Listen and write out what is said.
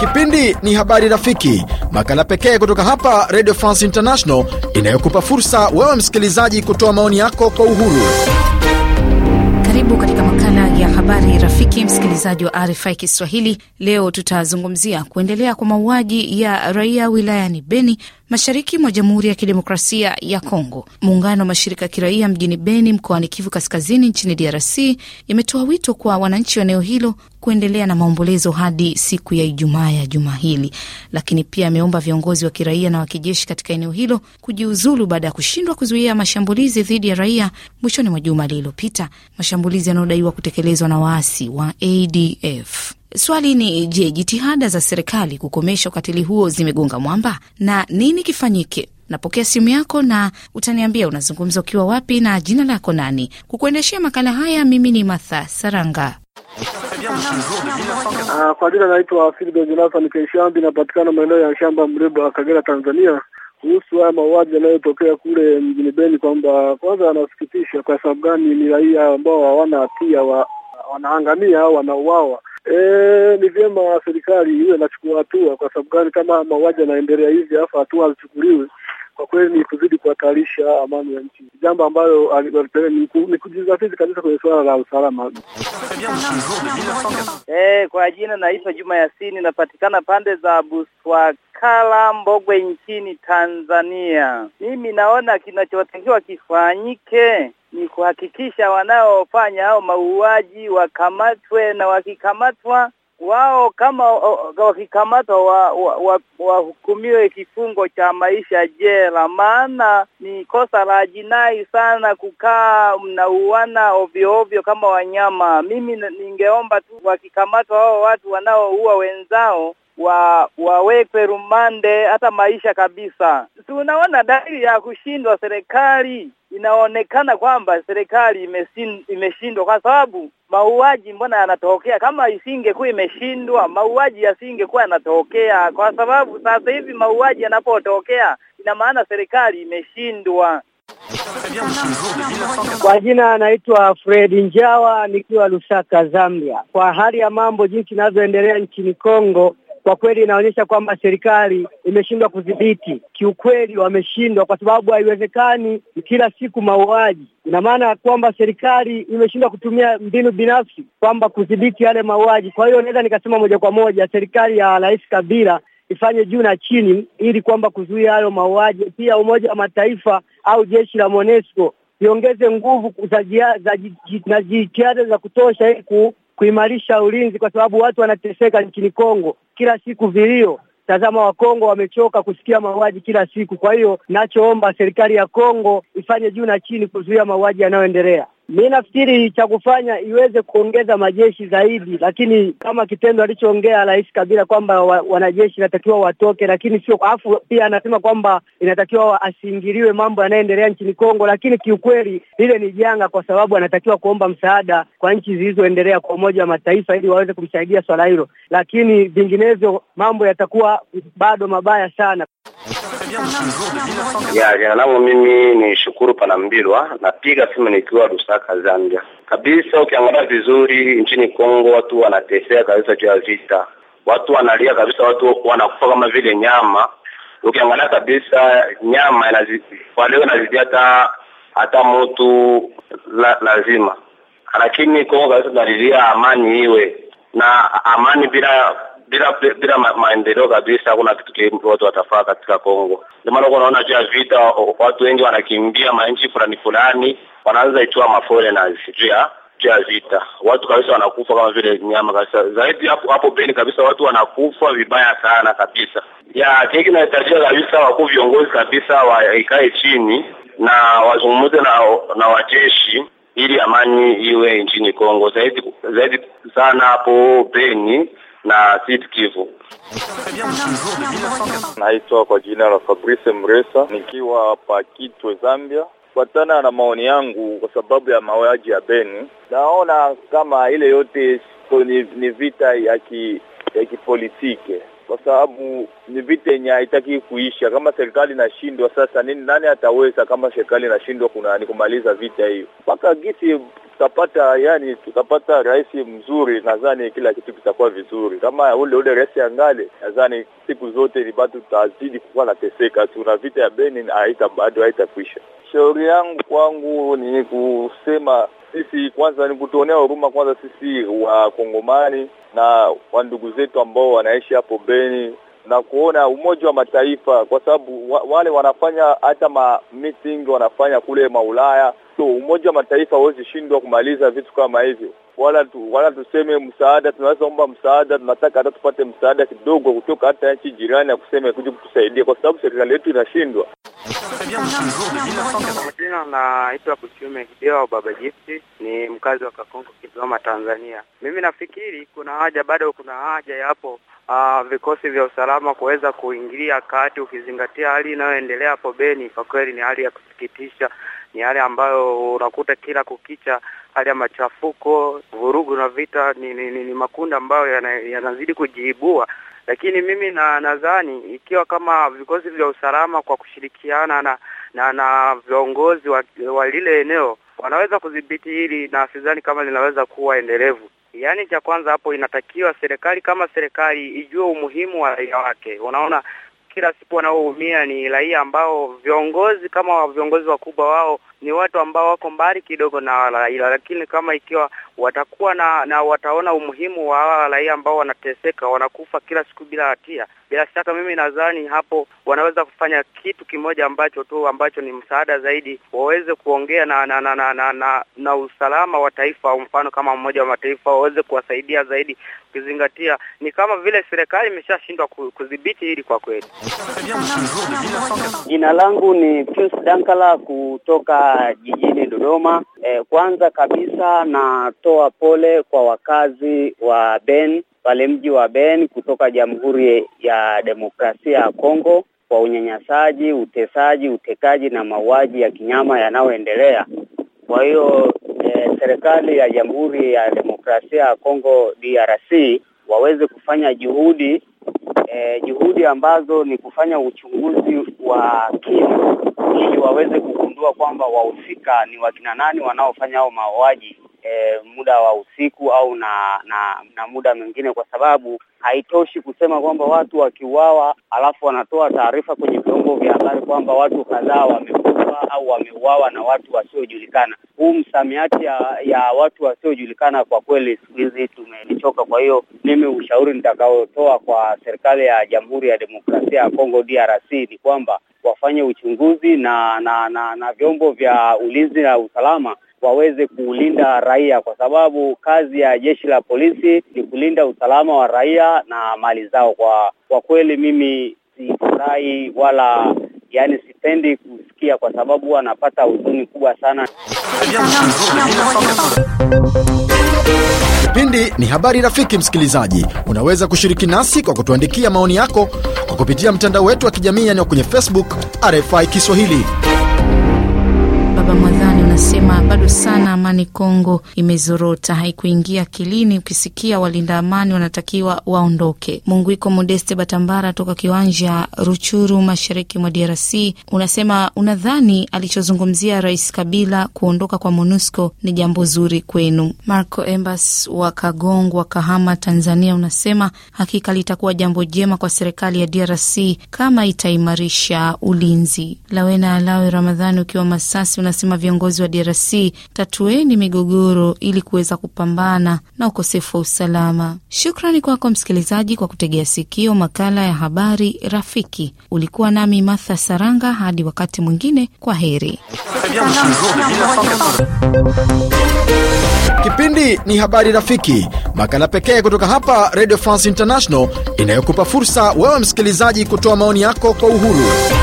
Kipindi ni Habari Rafiki, makala pekee kutoka hapa Radio France International inayokupa fursa wewe msikilizaji kutoa maoni yako kwa uhuru. Karibu katika makala ya habari rafiki, msikilizaji wa RFI Kiswahili. Leo tutazungumzia kuendelea kwa mauaji ya raia wilayani Beni mashariki mwa Jamhuri ya Kidemokrasia ya Kongo. Muungano wa mashirika ya kiraia mjini Beni mkoani Kivu Kaskazini nchini DRC imetoa wito kwa wananchi wa eneo hilo kuendelea na maombolezo hadi siku ya Ijumaa ya juma hili, lakini pia ameomba viongozi wa kiraia na wakijeshi katika eneo hilo kujiuzulu baada ya kushindwa kuzuia mashambulizi dhidi ya raia mwishoni mwa juma lililopita, mashambulizi yanayodaiwa kutekelezwa na waasi wa ADF. Swali ni je, jitihada za serikali kukomesha ukatili huo zimegonga mwamba na nini kifanyike? Napokea simu yako na utaniambia unazungumza ukiwa wapi na jina lako nani. Kukuendeshea makala haya mimi ni Martha Saranga. Uh, kwa jina naitwa Filibe Jonathan Keshambi, napatikana maeneo ya shamba wa Kagera, Tanzania. Kuhusu haya mauaji yanayotokea kule mjini Beni, kwamba kwanza anasikitisha Kwa sababu gani? Ni raia ambao hawana hatia, wanaangamia au wanauawa E, ni vyema serikali iwe inachukua hatua. Kwa sababu gani? Kama mauaji yanaendelea hivi, alafu hatua hazichukuliwe, kwa kweli ni kuzidi kuhatarisha amani ya nchi, jambo ambalo ni kujizatiti kabisa kwenye suala la usalama. Eh, kwa jina naitwa Juma Yasini, napatikana pande za Buswakala, Mbogwe, nchini Tanzania. Mimi naona kinachotakiwa kifanyike ni kuhakikisha wanaofanya hao mauaji wakamatwe, na wakikamatwa wao kama wakikamatwa wahukumiwe wa, wa, wa kifungo cha maisha jela, maana ni kosa la jinai sana kukaa mnauana ovyoovyo kama wanyama. Mimi ningeomba tu wakikamatwa hao watu wanaoua wenzao wa wawekwe rumande hata maisha kabisa. Tunaona dalili ya kushindwa serikali, inaonekana kwamba serikali imeshindwa kwa sababu mauaji mbona yanatokea? Kama isingekuwa imeshindwa, mauaji yasingekuwa yanatokea, kwa sababu sasa hivi mauaji yanapotokea, ina maana serikali imeshindwa. Kwa jina anaitwa Fred Njawa, nikiwa Lusaka, Zambia. Kwa hali ya mambo jinsi inavyoendelea nchini Kongo kwa kweli inaonyesha kwamba serikali imeshindwa kudhibiti. Kiukweli wameshindwa, kwa sababu haiwezekani kila siku mauaji. Ina maana kwamba serikali imeshindwa kutumia mbinu binafsi kwamba kudhibiti yale mauaji. Kwa hiyo naweza nikasema moja kwa moja serikali ya Rais Kabila ifanye juu na chini ili kwamba kuzuia hayo mauaji. Pia Umoja wa Mataifa au jeshi la monesco iongeze nguvu za jitihada za kutosha ili kuimarisha ulinzi, kwa sababu watu wanateseka nchini Kongo kila siku, vilio tazama Wakongo wamechoka kusikia mauaji kila siku. Kwa hiyo nachoomba serikali ya Kongo ifanye juu na chini kuzuia mauaji yanayoendelea. Mi nafikiri cha kufanya iweze kuongeza majeshi zaidi, lakini kama kitendo alichoongea Rais Kabila kwamba wa, wanajeshi inatakiwa watoke, lakini sio afu. Pia anasema kwamba inatakiwa asiingiliwe mambo yanayoendelea nchini Kongo, lakini kiukweli lile ni janga, kwa sababu anatakiwa kuomba msaada kwa nchi zilizoendelea kwa Umoja wa Mataifa ili waweze kumsaidia swala hilo, lakini vinginevyo mambo yatakuwa bado mabaya sana ya jina langu mimi ni Shukuru Panambilwa, napiga simu nikiwa Lusaka, Zambia. Kabisa, ukiangalia vizuri, nchini Kongo watu wanatesea kabisa juu ya vita, watu wanalia kabisa, watu wanakufa kama vile nyama. Ukiangalia kabisa, nyama inazi, inazidi hata hata mutu la, lazima, lakini Kongo kabisa tunalilia amani iwe na amani bila bila bila maendeleo kabisa, hakuna kitu watu watafaa katika Kongo. Ndio maana unaona juu ya vita watu wengi wanakimbia manchi fulani fulani, wanaanza itua mafore na juu ya juu ya vita, watu kabisa wanakufa kama vile nyama kabisa. Zaidi hapo hapo Beni kabisa watu wanakufa vibaya sana kabisa. Ya kile kinahitajika kabisa, wakuu viongozi kabisa waikae chini na wazungumze na, na wajeshi ili amani iwe nchini Kongo zaidi zaidi sana hapo Beni na Sud Kivu. Naitwa kwa jina la Fabrice Mresa, nikiwa hapa Kitwe, Zambia. Kufuatana na maoni yangu, kwa sababu ya mauaji ya Beni, naona kama ile yote ni, ni vita ya ki, ya kipolitike kwa sababu ni vita yenye haitaki kuisha. Kama serikali inashindwa sasa, nini nani ataweza? Kama serikali inashindwa, kuna ni kumaliza vita hiyo mpaka gisi tutapata yani, tutapata rais mzuri, nadhani kila kitu kitakuwa vizuri. Kama ule ule rais angale, nadhani siku zote ni bado tutazidi kukuwa nateseka tu, na vita ya Benin haita bado haitakwisha. Shauri yangu kwangu ni kusema sisi kwanza ni kutuonea huruma kwanza sisi Wakongomani na wandugu zetu ambao wanaishi hapo Beni na kuona Umoja wa Mataifa kwa sababu wa, wale wanafanya hata ma meeting wanafanya kule maulaya. So Umoja wa Mataifa hawezi shindwa kumaliza vitu kama hivyo, wala tu, wala tuseme msaada, tunaweza omba msaada, tunataka hata tupate msaada kidogo kutoka hata nchi jirani ya kusema kuja kutusaidia, kwa sababu serikali yetu inashindwa. Jina naitwa Kuchume Gidewa Baba Jifti, ni mkazi wa Kakonko, Kigoma, Tanzania. Mimi nafikiri kuna haja bado, kuna haja yapo uh, ah, vikosi vya usalama kuweza kuingilia kati, ukizingatia hali inayoendelea hapo Beni. Kwa kweli ni hali ya kusikitisha, ni hali ambayo unakuta kila kukicha, hali ya machafuko, vurugu na vita. Ni, ni, ni, ni makundi ambayo yanazidi yana kujiibua lakini mimi na nadhani ikiwa kama vikosi vya usalama kwa kushirikiana na na, na viongozi wa, wa lile eneo wanaweza kudhibiti hili, na sidhani kama linaweza kuwa endelevu. Yaani, cha kwanza hapo inatakiwa serikali kama serikali ijue umuhimu wa raia wake. Unaona, kila siku wanaoumia ni raia ambao viongozi kama viongozi wakubwa wao ni watu ambao wako mbali kidogo na hawa raia, lakini kama ikiwa watakuwa na, na wataona umuhimu wa hawa raia ambao wanateseka, wanakufa kila siku bila hatia, bila shaka mimi nadhani hapo wanaweza kufanya kitu kimoja ambacho tu ambacho ni msaada zaidi, waweze kuongea na na na, na, na, na, na usalama wa taifa, mfano kama mmoja wa Mataifa waweze kuwasaidia zaidi, ukizingatia ni kama vile serikali imeshashindwa kudhibiti hili kwa kweli. Jina langu ni Pius Dankala kutoka jijini Dodoma. E, kwanza kabisa natoa pole kwa wakazi wa ben pale mji wa ben kutoka Jamhuri ya Demokrasia ya Kongo kwa unyanyasaji, utesaji, utekaji na mauaji ya kinyama yanayoendelea. Kwa hiyo e, serikali ya Jamhuri ya Demokrasia ya Kongo DRC waweze kufanya juhudi e, juhudi ambazo ni kufanya uchunguzi wa kina ili waweze kuku kugundua kwamba wahusika ni wakina nani wanaofanya hao mauaji e, muda wa usiku au na na, na muda mwingine, kwa sababu haitoshi kusema kwamba watu wakiuawa alafu wanatoa taarifa kwenye vyombo vya habari kwamba watu kadhaa wamekufa au wameuawa na watu wasiojulikana. Huu msamiati ya, ya watu wasiojulikana kwa kweli siku hizi tumelichoka. Kwa hiyo mimi ushauri nitakaotoa kwa serikali ya Jamhuri ya Demokrasia ya Kongo DRC ni kwamba wafanye uchunguzi na na, na na vyombo vya ulinzi na usalama waweze kulinda raia, kwa sababu kazi ya jeshi la polisi ni kulinda usalama wa raia na mali zao. Kwa kwa kweli mimi sifurahi wala yani sipendi kusikia, kwa sababu wanapata anapata huzuni kubwa sana. Kipindi ni habari rafiki msikilizaji, unaweza kushiriki nasi kwa kutuandikia maoni yako kupitia mtandao wetu wa kijamii yani kwenye Facebook RFI Kiswahili. Baba anasema bado sana amani Kongo imezorota, haikuingia kilini Ukisikia walinda amani wanatakiwa waondoke. Munguiko Modeste Batambara toka kiwanja Ruchuru, mashariki mwa DRC, unasema unadhani alichozungumzia Rais Kabila kuondoka kwa MONUSCO ni jambo zuri kwenu. Marco Embas wa wa Kahama, Tanzania, unasema hakika litakuwa jambo jema kwa serikali ya DRC kama itaimarisha ulinzi. Lawena Alawe Ramadhani ukiwa Masasi, unasema viongozi wa wa DRC, tatueni migogoro ili kuweza kupambana na ukosefu wa usalama. Shukrani kwako msikilizaji kwa kutegea sikio makala ya habari rafiki. Ulikuwa nami Martha Saranga, hadi wakati mwingine, kwa heri. Kipindi ni habari rafiki, makala pekee kutoka hapa Radio France International inayokupa fursa wewe msikilizaji kutoa maoni yako kwa uhuru.